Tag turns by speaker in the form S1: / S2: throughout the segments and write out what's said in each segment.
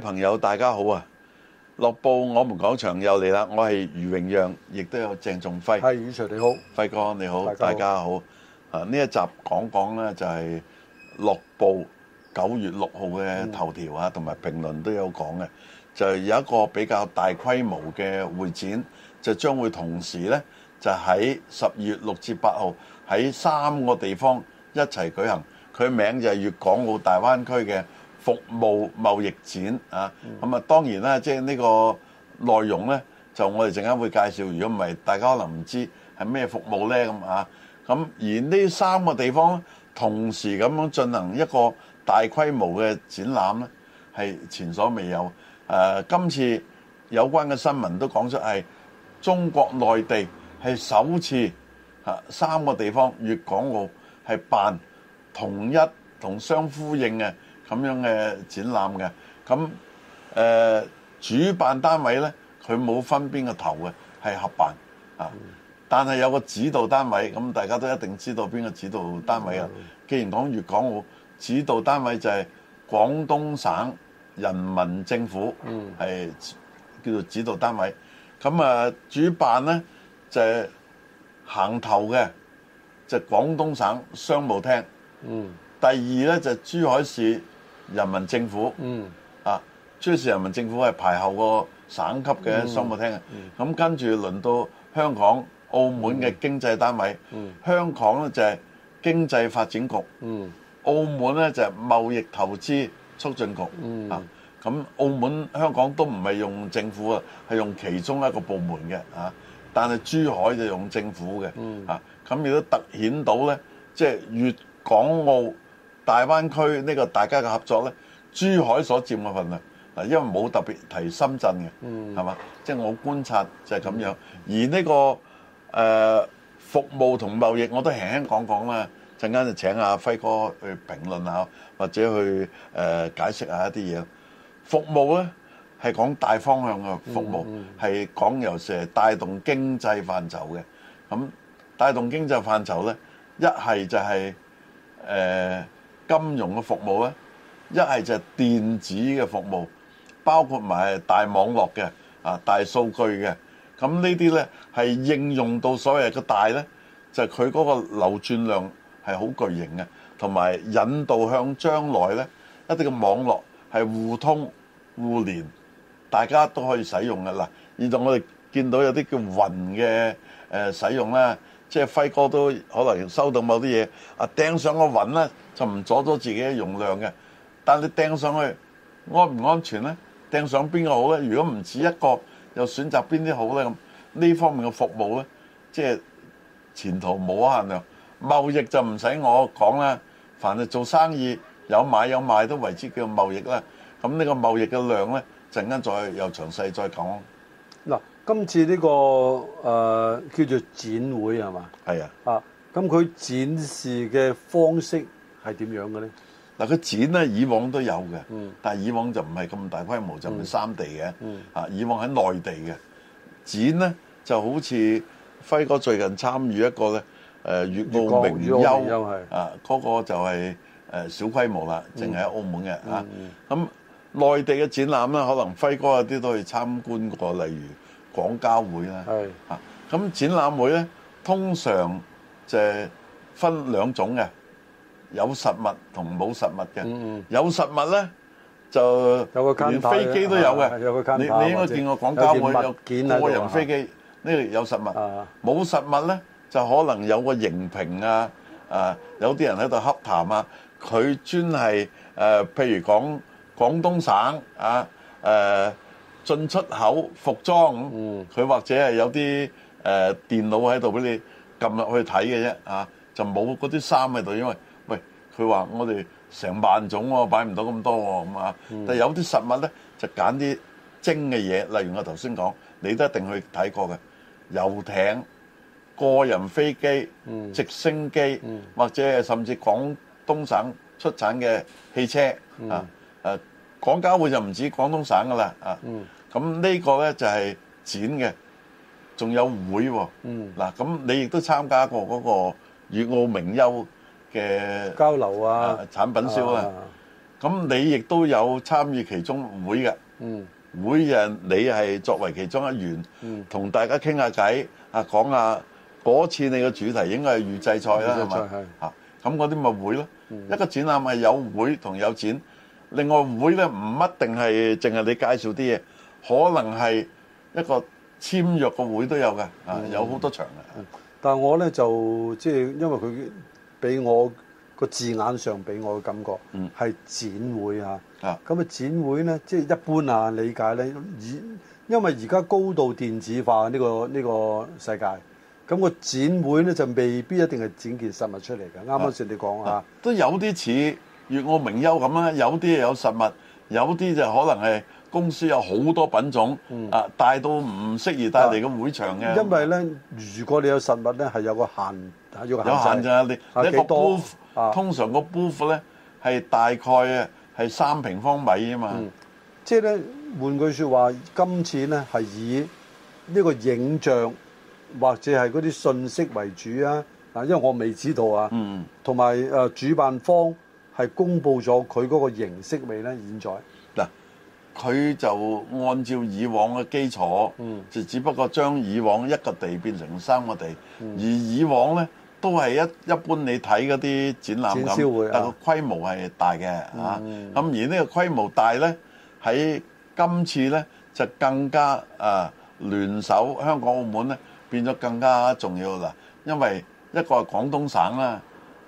S1: 朋友，大家好啊！六《樂報》我們廣場又嚟啦，我係余永讓，亦都有鄭仲輝。係，余 s 你好，輝哥你好，大家好。啊，呢一集講講呢就係《樂部九月六號嘅頭條啊，同埋評論都有講嘅，就有一個比較大規模嘅會展，就將會同時呢，就喺十月六至八號喺三個地方一齊舉行。佢名就係粵港澳大灣區嘅。服務貿易展啊，咁啊當然啦、啊，即係呢個內容呢，就我哋陣間會介紹。如果唔係，大家可能唔知係咩服務呢？咁啊。咁而呢三個地方同時咁樣進行一個大規模嘅展覽呢，係前所未有。誒、啊，今次有關嘅新聞都講出係中國內地係首次啊，三個地方，粵港澳係辦同一同相呼應嘅咁樣嘅展覽嘅，咁誒、呃、主辦單位呢，佢冇分邊個頭嘅，係合辦啊。嗯、但係有個指導單位，咁大家都一定知道邊個指導單位啊。嗯、既然講粵港澳，指導單位就係廣東省人民政府，係、嗯、叫做指導單位。咁啊，主辦呢，就係、係、行頭嘅，就係、廣東省商務廳。嗯、第二呢，就係、珠海市，人民政府，嗯，啊，珠市人民政府係排後個省級嘅商務廳。咁、嗯嗯啊、跟住輪到香港、澳門嘅經濟單位。嗯嗯、香港咧就係經濟發展局，嗯，澳門咧就係貿易投資促進局。嗯、啊，咁、嗯啊、澳門、香港都唔係用政府啊，係用其中一個部門嘅啊。但係珠海就用政府嘅啊。咁、啊、亦、嗯啊、都凸顯到咧，即係粵港澳。大灣區呢個大家嘅合作呢，珠海所佔嘅份量嗱，因為冇特別提深圳嘅、嗯，係嘛？即係我觀察就係咁樣而、這個。而呢個誒服務同貿易我都輕輕講講啦。陣間就請阿、啊、輝哥去評論下，或者去誒、呃、解釋一下一啲嘢。服務呢係講大方向嘅服務，係、嗯、講尤其係帶動經濟範疇嘅。咁帶動經濟範疇呢，一係就係、是、誒。呃金融嘅服務咧，一係就係電子嘅服務，包括埋大網絡嘅啊、大數據嘅，咁呢啲咧係應用到所謂嘅大咧，就係佢嗰個流轉量係好巨型嘅，同埋引導向將來咧一啲嘅網絡係互通互聯，大家都可以使用㗎喇。然後我哋見到有啲叫雲嘅誒使用啦。即係輝哥都可能收到某啲嘢，啊掟上個雲咧就唔阻咗自己嘅容量嘅，但係你掟上去安唔安全咧？掟上邊個好咧？如果唔止一個，又選擇邊啲好咧？咁呢方面嘅服務咧，即係前途冇限量。貿易就唔使我講啦，凡係做生意有買有賣都為之叫貿易啦。咁呢個貿易嘅量咧，陣間再又詳細再講。
S2: 今次呢、這個、呃、叫做展會係嘛？
S1: 係啊，啊，啊咁佢展示嘅方式係點樣嘅咧？嗱，佢展咧以往都有嘅，嗯、但係以往就唔係咁大規模，嗯、就唔係三地嘅，嗯、啊，以往喺內地嘅展咧就好似輝哥最近參與一個咧誒、呃，粵澳名優，名啊，嗰、那個就係小規模啦，淨係喺澳門嘅，咁、嗯啊、內地嘅展覽咧，可能輝哥有啲都係參觀過，例如。廣交會啦，係咁展覽會咧，通常就分兩種嘅，有實物同冇實物嘅。嗯嗯。有實物咧，就連飛機都有嘅。有個監打。你你應該見過廣交會有見過人飛機，呢個有實物。啊。冇實物咧，就可能有個螢屏啊，啊，有啲人喺度洽談啊。佢專係誒，譬如講廣東省啊，誒。進出口服裝咁，佢或者係有啲誒電腦喺度俾你撳入去睇嘅啫啊，就冇嗰啲衫喺度，因為喂佢話我哋成萬種喎，擺唔到咁多喎咁啊。但係有啲實物咧，就揀啲精嘅嘢，例如我頭先講，你都一定去睇過嘅遊艇、個人飛機、直升機，或者係甚至廣東省出產嘅汽車啊。誒，廣交會就唔止廣東省㗎喇啊。咁呢個咧就係展嘅，仲有會喎。嗯。嗱，咁你亦都參加過嗰個粵澳名優嘅交流啊產品銷啊。咁你亦都有參與其中會嘅。嗯。會啊，你係作為其中一員，同大家傾下偈啊，講下嗰次你嘅主題應該係預製菜啦，係咪？預製菜係。啊，咁嗰啲咪會咯。一個展覽，咪有會同有展。另外會咧唔一定係淨係你介紹啲嘢。可能係一個簽約個會都有嘅，啊、嗯，有好多場嘅、嗯。但係我
S2: 呢，就即係因為佢俾我個字眼上俾我嘅感覺，係展會、嗯、啊。咁啊展會呢，即、就、係、是、一般啊理解呢，以因為而家高度電子化呢、呢個呢、呢個世界，咁個展會
S1: 呢，就未必一定係展件實物出嚟嘅。啱啱先你講啊、嗯嗯，都有啲似月我名幽咁啦，有啲有實物，有啲就可能係。公司有好多品種，啊、嗯，大到唔適宜帶嚟嘅會場嘅、嗯。因
S2: 為咧，如果你有實物咧，係有個
S1: 限，係要有限制啊。啊，你一個 booth 通常個 booth 咧係大概啊係三平方米啊嘛。嗯、
S2: 即係咧換句説話，今次咧係以呢個影像或者係嗰啲信息為主啊。嗱，因為我未知道啊。嗯。同埋誒，主辦方係公布
S1: 咗佢嗰個形式未咧，現在。佢就按照以往嘅基礎，嗯，就只不過將以往一個地變成三個地。嗯。而以往呢，都係一一般，你睇嗰啲展覽展，展銷會啊，但個規模係大嘅咁，嗯啊、而呢個規模大呢，喺今次呢，就更加啊，呃、聯手香港、澳門呢，變咗更加重要啦。因為一個係廣東省啦，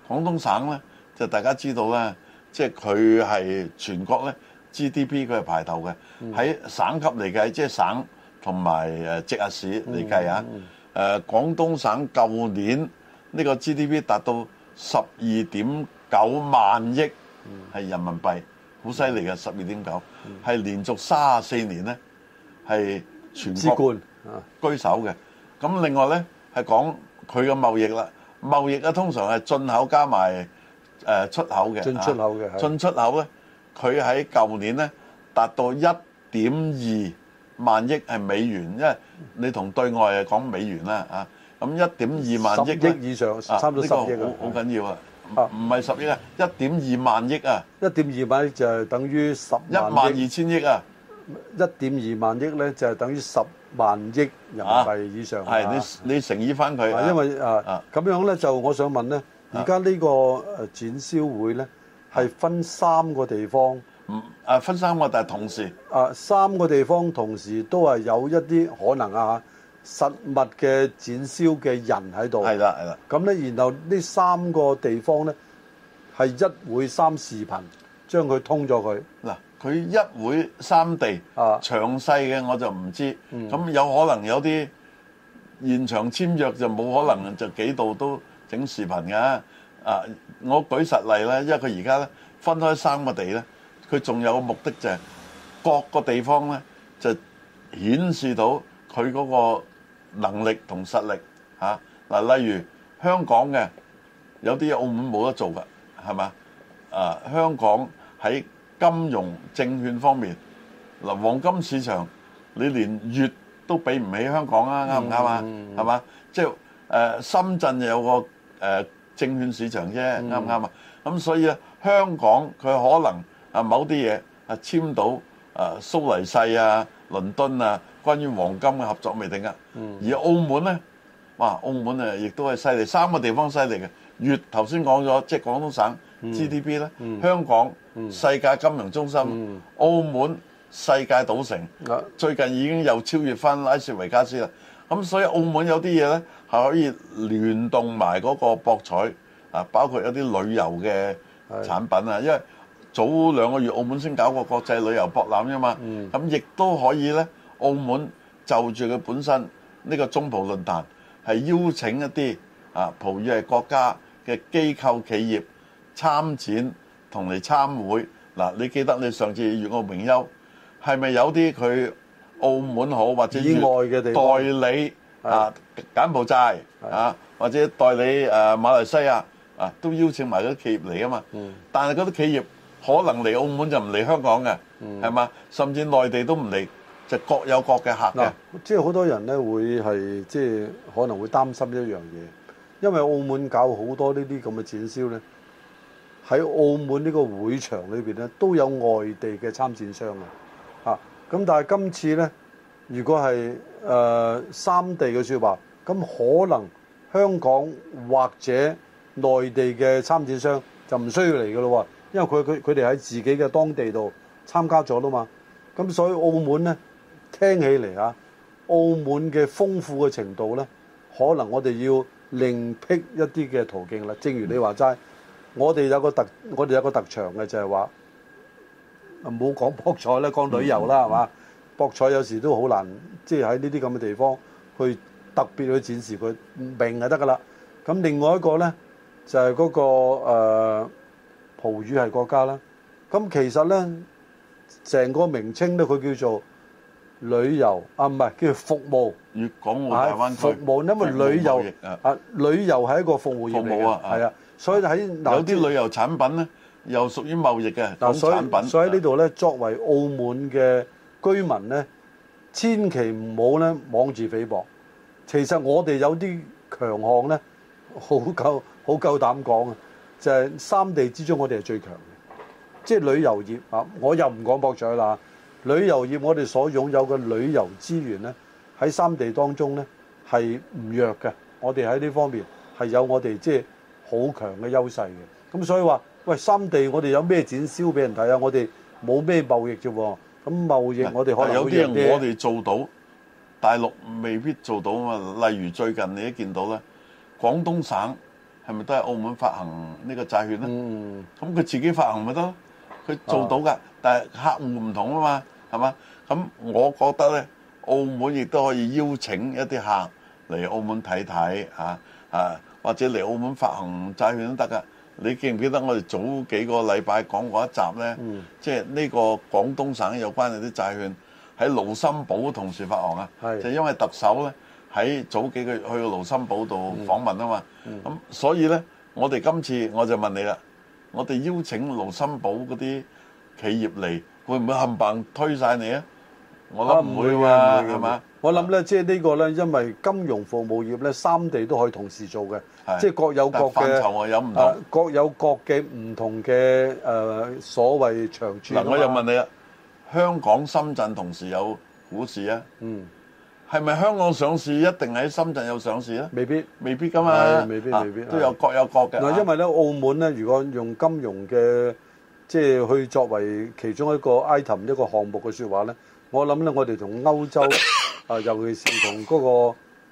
S1: 廣東省呢，就大家知道呢即係佢係全國呢。GDP 佢係排頭嘅，喺、嗯、省級嚟計，就是、和即係省同埋誒直轄市嚟計啊！誒、嗯嗯呃、廣東省舊年呢、呢個 GDP 達到十二點九萬億，係人民幣，好犀利嘅十二點九，係、嗯、連續三啊四年咧係全國居首嘅。咁、啊、另外咧係講佢嘅貿易啦，貿易咧、啊、通常係進口加埋誒、呃、出口嘅，進出口嘅、啊，進出口咧。佢喺舊年咧達到一點二萬億係美元，因為你同對外啊講美元啦啊，咁一點二萬億十億以
S2: 上，差唔多十億，呢個好好緊
S1: 要啊！唔係十億啊，一點二萬億啊！
S2: 一點二萬億就係等於十一萬二千億啊！一點二萬億咧就係等於十萬億人民幣
S1: 以上。係你你乘以翻佢，因為
S2: 啊咁樣咧就我想問咧，而家呢個展銷會咧？係分三個地方，
S1: 嗯、啊分三個，但係同時
S2: 啊三個地方同時都係有一啲可能啊，實物嘅展銷嘅人喺度。係啦，係啦。咁咧，然後呢三個地方呢，係一會三視頻，
S1: 將佢通咗佢。嗱、啊，佢一會三地，啊、詳細嘅我就唔知。咁、嗯、有可能有啲現場簽約就冇可能，就幾度都整視頻㗎。嗯啊啊！我舉實例咧，因為佢而家咧分開三個地咧，佢仲有個目的就係各個地方咧就顯示到佢嗰個能力同實力嚇嗱。例如香港嘅有啲嘢澳門冇得做㗎，係嘛？啊，香港喺金融證券方面嗱，黃金市場你連月都比唔起香港啊，啱唔啱啊？係嘛？即係誒深圳有個誒。證券市場啫，啱唔啱啊？咁所以咧，香港佢可能啊某啲嘢啊簽到啊蘇黎世啊、倫敦啊，關於黃金嘅合作未定啊。而澳門咧，哇！澳門誒亦都係犀利，三個地方犀利嘅。粵頭先講咗，即係廣東省 GDP 咧，香港世界金融中心，澳門世界賭城，最近已經又超越翻拉斯維加斯啦。咁所以澳門有啲嘢咧。可以聯動埋嗰個博彩啊，包括一啲旅遊嘅產品啊，因為早兩個月澳門先搞過國際旅遊博覽吖嘛。咁亦都可以呢，澳門就住佢本身呢個中葡論壇，係邀請一啲啊葡語系國家嘅機構企業參展同嚟參會。嗱，你記得你上次粵澳名優係咪有啲佢澳門好或者以外嘅代理？啊，柬埔寨啊，或者代理誒馬來西亞啊，都邀請埋啲企業嚟啊嘛。嗯、但係嗰啲企業可能嚟澳門就唔嚟香港嘅，係、嗯、嘛？甚至內地都唔嚟，就各有各嘅客嘅、嗯。
S2: 即係好多人咧會係即係可能會擔心一樣嘢，因為澳門搞好多呢啲咁嘅展銷咧，喺澳門呢個會場裏邊咧都有外地嘅參展商啊。啊，咁但係今次咧。如果係誒、呃、三地嘅説話，咁可能香港或者內地嘅參展商就唔需要嚟嘅咯喎，因為佢佢佢哋喺自己嘅當地度參加咗啦嘛。咁所以澳門呢，聽起嚟啊，澳門嘅豐富嘅程度呢，可能我哋要另闢一啲嘅途徑啦。正如你話齋、嗯，我哋有個特我哋有個特長嘅就係、是、話，唔好講博彩啦，講旅遊啦，係、嗯、嘛？博彩有時都好難，即係喺呢啲咁嘅地方去特別去展示佢明就得噶啦。咁另外一個呢，就係、是、嗰、那個、呃、葡語系國家啦。咁其實呢，成個名稱咧，佢叫做旅遊啊，唔係叫做服務
S1: 粵港澳大灣區服務，因為旅遊啊旅遊係一個服務業服務啊，所以喺有啲旅遊產品呢，又屬於貿易嘅港產品。啊、所以，所以呢
S2: 度呢，作為澳門嘅。居民咧，千祈唔好咧妄自菲薄。其實我哋有啲強項咧，好夠好夠膽講啊！就係三地之中，我哋係最強嘅，即係旅遊業啊！我又唔講博彩啦，旅遊業我哋所擁有嘅旅遊資源咧，喺三地當中咧係唔弱嘅。我哋喺呢方面係有我哋即係好強嘅優勢嘅。咁所以話，喂，三地我哋有咩展銷俾人睇啊？我哋冇咩貿易啫。咁貿易我哋可能有啲，人我哋
S1: 做到，大陸未必做到啊嘛。例如最近你都見到咧，廣東省係咪都係澳門發行呢個債券咧？咁、嗯、佢自己發行咪得囉？佢做到噶，但係客戶唔同啊嘛，係嘛？咁我覺得咧，澳門亦都可以邀請一啲客嚟澳門睇睇吓啊，或者嚟澳門發行債券都得噶。你記唔記得我哋早幾個禮拜講過一集呢？即係呢個廣東省有關嗰啲債券喺盧森堡同時發行啊！就因為特首呢喺早幾個月去盧森堡度訪問啊嘛，咁所以呢我哋今次我就問你啦，我哋邀請盧森堡嗰啲企業嚟，會唔會冚棒推晒你啊？我諗唔會㗎嘛！
S2: 我諗咧，即係呢個咧，因為金融服務業咧，三地都可以同時做嘅，
S1: 即係各有各嘅範疇，有唔同，
S2: 各有各嘅唔同嘅誒
S1: 所謂長處。嗱，我又問你啊，香港、深圳同時有股市啊？嗯，係咪香港上市一定喺深圳有上市咧？未必，未必㗎嘛，未必，未必都有各有各嘅。嗱，因
S2: 為咧，澳門咧，如果用金融嘅即係去作為其中一個 item 一個項目嘅説話咧。我諗咧，我哋同歐洲啊，尤其是同嗰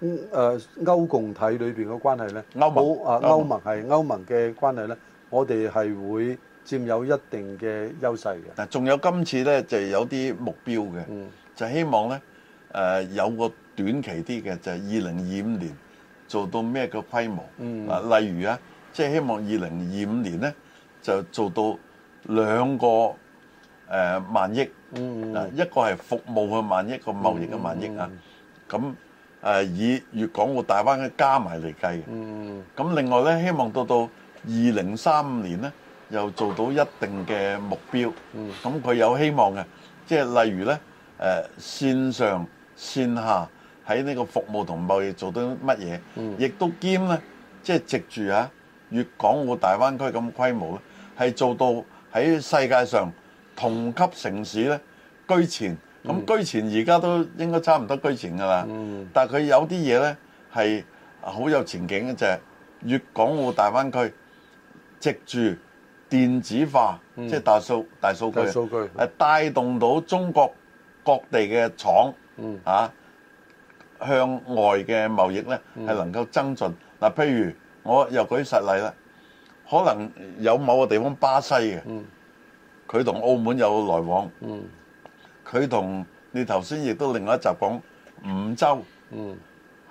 S2: 個誒歐共體裏邊嘅關係咧，歐盟啊，歐盟係歐盟嘅關係咧，我哋係會佔有一定嘅優勢嘅。
S1: 嗱，仲有今次咧，就係有啲目標嘅，就希望咧誒有個短期啲嘅，就係二零二五年做到咩嘅規模？啊，例如啊，即係希望二零二五年咧就做到兩個。誒萬億嗱，一個係服務嘅萬億，一個貿易嘅萬億啊。咁誒以粵港澳大灣區加埋嚟計，咁另外咧希望到到二零三五年咧又做到一定嘅目標。咁佢有希望嘅，即係例如咧誒線上線下喺呢個服務同貿易做到乜嘢，亦都兼咧即係藉住啊粵港澳大灣區咁規模咧，係做到喺世界上。同級城市咧居前，咁居前而家都應該差唔多居前噶啦、嗯。但係佢有啲嘢咧係好有前景嘅，就係、是、粵港澳大灣區藉住電子化，嗯、即係大數大數據，係帶動到中國各地嘅廠、嗯、啊向外嘅貿易咧係能夠增進。嗱、嗯，譬如我又舉實例啦，可能有某個地方巴西嘅。嗯佢同澳門有來往，佢同你頭先亦都另外一集講五洲，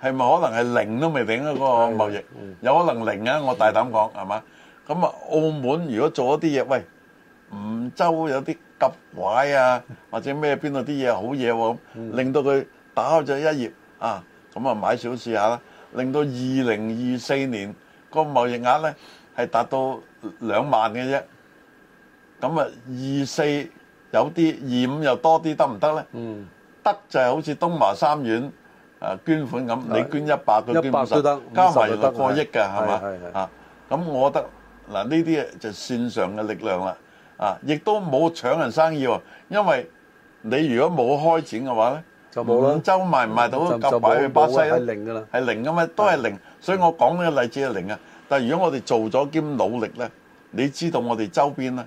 S1: 係咪可能係零都未定啊？嗰個貿易有可能零啊！我大膽講係嘛？咁啊，澳門如果做一啲嘢，喂，五洲有啲急壞啊，或者咩邊度啲嘢好嘢喎，令到佢打開咗一頁啊，咁啊買少試下啦，令到二零二四年個貿易額咧係達到兩萬嘅啫。咁啊，二四有啲，二五又多啲，得唔得咧？嗯，得就係好似東華三院啊捐款咁，你捐一百，佢捐五十，加埋又過億㗎，係嘛啊？咁我覺得嗱，呢啲啊就線上嘅力量啦，啊，亦都冇搶人生意喎，因為你如果冇開展嘅話咧，就無論周賣唔賣到，夾埋去巴西咧，係零㗎啦，係零㗎嘛，都係零。所以我講呢個例子係零啊，但係如果我哋做咗兼努力咧，你知道我哋周邊咧。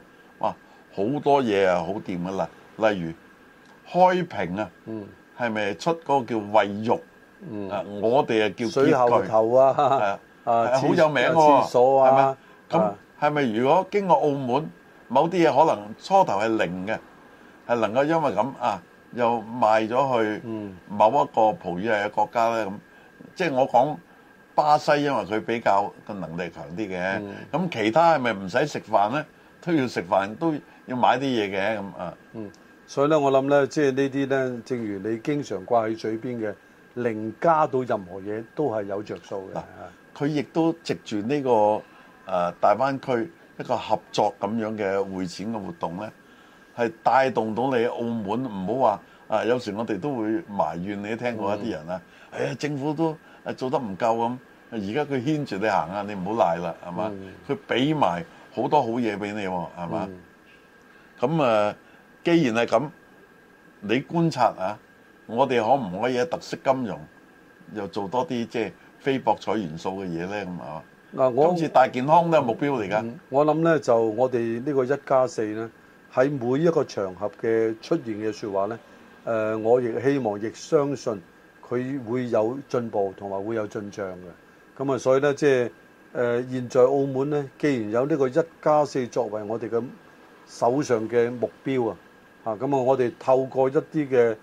S1: 好多嘢啊，好掂噶啦！例如開瓶啊，係咪出嗰個叫衛浴啊？我哋啊叫水喉頭啊，係啊，好有名喎。廁所啊，咁係咪如果經過澳門，某啲嘢可能初頭係零嘅，係能夠因為咁啊，又賣咗去某一個葡語系嘅國家咧？咁即係我講巴西，因為佢比較嘅能力強啲嘅。咁其他係咪唔使食飯咧？都要食飯都。要買啲嘢嘅咁啊，嗯，所以咧，我諗咧，即係呢啲咧，正如你經常掛喺嘴邊嘅，零加到任何嘢都係有着數嘅。佢、啊、亦都藉住呢、呢個、啊、大灣區一個合作咁樣嘅會展嘅活動咧，係帶動到你澳門。唔好話啊，有時我哋都會埋怨你聽過一啲人啊、嗯哎，政府都做得唔夠咁，而家佢牽住你行啊，你唔好賴啦，係嘛？佢俾埋好多好嘢俾你，係嘛？嗯咁啊，既然係咁，你觀察啊，我哋可唔可以喺特色金融又做多啲即係非博彩元素嘅嘢咧？咁啊，嗱，我今次大健康都係目標嚟噶。我諗咧，就我哋呢個一加四咧，
S2: 喺每一個場合嘅出現嘅說話咧，我亦希望亦相信佢會有進步同埋會有進賬嘅。咁啊，所以咧，即係，誒，現在澳門咧，既然有呢個一加四作為我哋嘅手上嘅目標啊，啊咁啊，我哋透過一啲嘅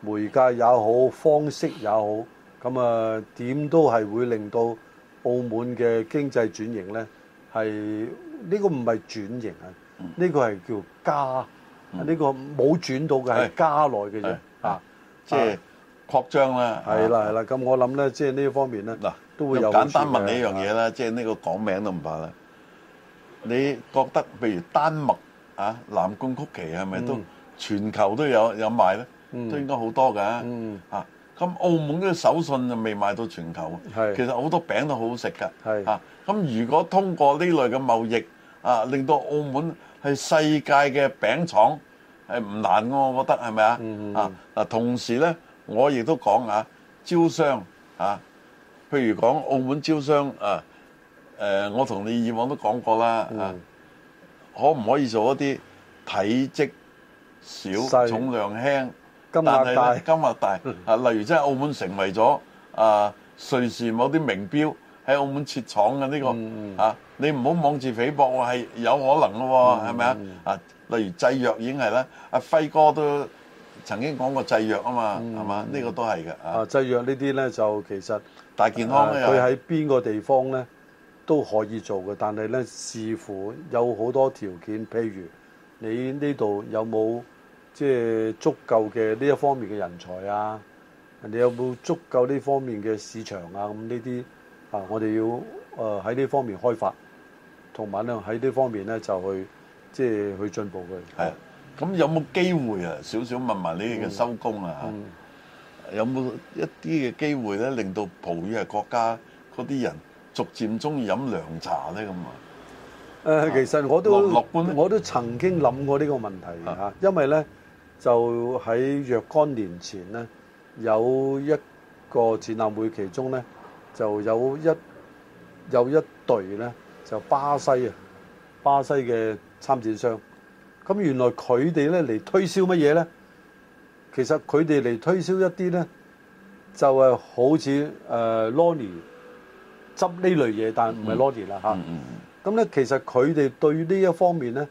S2: 媒介也好，方式也好，咁啊點都係會令到澳門嘅經濟轉型咧，係呢個唔係轉型啊，呢個係叫加，呢個冇轉到嘅係加內嘅嘢啊，即係
S1: 擴張啦。係啦係
S2: 啦，咁我諗咧，即係呢一方面咧，嗱，都會有簡單問你一樣嘢
S1: 啦，即係呢個講名都唔怕啦，你覺得譬如丹麥？啊，藍罐曲奇係咪都全球都有有賣咧？都應該好多嘅。啊，咁澳門嘅手信就未賣到全球。其實好多餅都好好食嘅。啊，咁如果通過呢類嘅貿易啊，令到澳門係世界嘅餅廠係唔難嘅，我覺得係咪啊？啊，嗱，同時咧，我亦都講啊，招商啊，譬如講澳門招商啊，誒，我同你以往都講過啦。啊。可唔可以做一啲體積小、重量輕，但係咧金額大金額大啊？例如，即係澳門成為咗啊，瑞士某啲名錶喺澳門設廠嘅呢個啊，你唔好妄自菲薄喎，係有可能嘅喎，係咪啊？啊，例如製藥已經係啦，阿輝哥都曾經講過製藥啊嘛，係嘛？呢個都係嘅啊。製藥呢啲咧就其實大健康咧，佢喺
S2: 邊個地方咧？都可以做嘅，但係咧視乎有好多條件，譬如你呢度有冇即係足夠嘅呢一方面嘅人才啊？你有冇足夠呢方面嘅市場啊？咁呢啲啊，我哋要誒喺呢方面開發，同埋咧喺呢方面咧就去即係去進步
S1: 嘅。係啊，咁有冇機會啊？少少問問你嘅收工啊？有冇一啲嘅機會咧，令到葡語系國家嗰啲人？逐漸中意飲涼茶咧，咁啊！
S2: 誒，其實我都我都曾經諗過呢個問題嚇、嗯，因為咧就喺若干年前咧有一個展覽會，其中咧就有一有一隊咧就巴西啊，巴西嘅參展商。咁原來佢哋咧嚟推銷乜嘢咧？其實佢哋嚟推銷一啲咧就係好似誒羅尼。呃 Loni, 執呢類嘢，但唔係 Lottie 啦嚇。咁、嗯、咧、嗯嗯啊，其實佢哋對呢一方面咧，誒、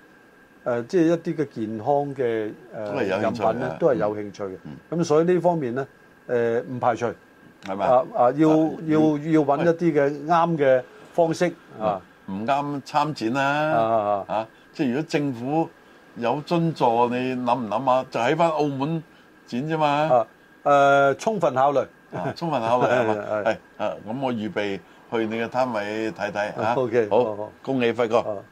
S2: 呃，即係一啲嘅健康嘅誒飲品咧，都係有興趣嘅。咁、嗯嗯嗯、所以呢方面咧，
S1: 誒、呃，唔排除。係咪啊
S2: 啊？要啊要、嗯、要揾一啲嘅啱嘅
S1: 方式、嗯嗯嗯、不啊，唔啱參展啦啊，啊，啊即係如果政府有津助，你諗唔諗啊？就喺翻澳門展啫、啊、嘛。誒、啊呃，充分考慮，啊、充分考慮係咪係？咁 我預備。去你嘅攤位睇睇吓，okay，好，好，好，恭喜輝哥。